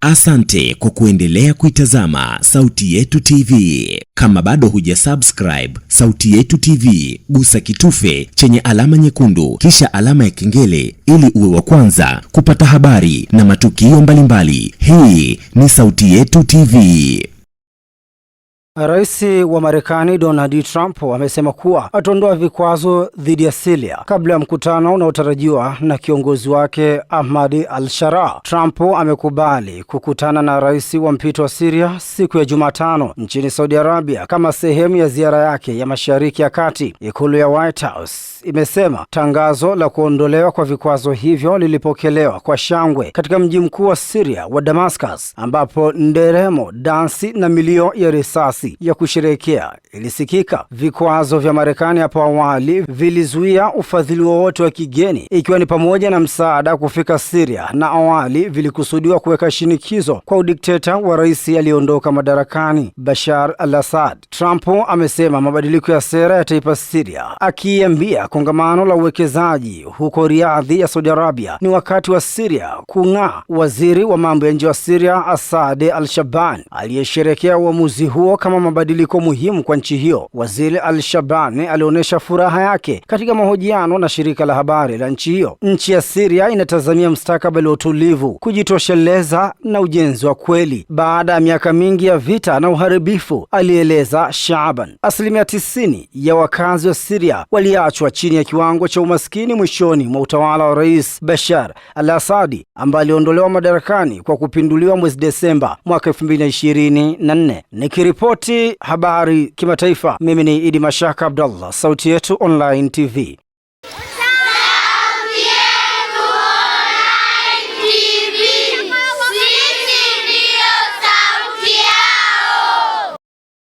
Asante kwa kuendelea kuitazama Sauti Yetu TV. Kama bado hujasubscribe Sauti Yetu TV, gusa kitufe chenye alama nyekundu kisha alama ya kengele ili uwe wa kwanza kupata habari na matukio mbalimbali. Hii ni Sauti Yetu TV. Rais wa Marekani Donald Trump amesema kuwa ataondoa vikwazo dhidi ya Siria kabla ya mkutano unaotarajiwa na kiongozi wake Ahmad al shara Trump amekubali kukutana na rais wa mpito wa Siria siku ya Jumatano nchini Saudi Arabia kama sehemu ya ziara yake ya Mashariki ya Kati. Ikulu ya White House imesema tangazo la kuondolewa kwa vikwazo hivyo lilipokelewa kwa shangwe katika mji mkuu wa Siria wa Damascus, ambapo nderemo, dansi na milio ya risasi nafasi ya kusherehekea ilisikika. Vikwazo vya Marekani hapo awali vilizuia ufadhili wowote wa kigeni, ikiwa ni pamoja na msaada kufika Siria, na awali vilikusudiwa kuweka shinikizo kwa udikteta wa rais aliyeondoka madarakani Bashar al-Assad. Trump amesema mabadiliko ya sera yataipa Siria, akiiambia kongamano la uwekezaji huko Riadhi ya Saudi Arabia ni wakati wa Siria kung'aa. Waziri wa mambo ya nje wa Siria Asade al-Shaban aliyesherekea uamuzi huo kama kama mabadiliko muhimu kwa nchi hiyo. Waziri Al-Shabani alionyesha furaha yake katika mahojiano na shirika la habari la nchi hiyo. Nchi ya siria inatazamia mustakabali wa utulivu, kujitosheleza na ujenzi wa kweli baada ya miaka mingi ya vita na uharibifu, alieleza shaban Asilimia 90 ya wakazi wa siria waliachwa chini ya kiwango cha umaskini mwishoni mwa utawala wa Rais Bashar al asadi ambaye aliondolewa madarakani kwa kupinduliwa mwezi Desemba mwaka 2024. Nikiripoti Gazeti Habari Kimataifa. Mimi ni Idi Mashaka Abdallah, sauti yetu online TV.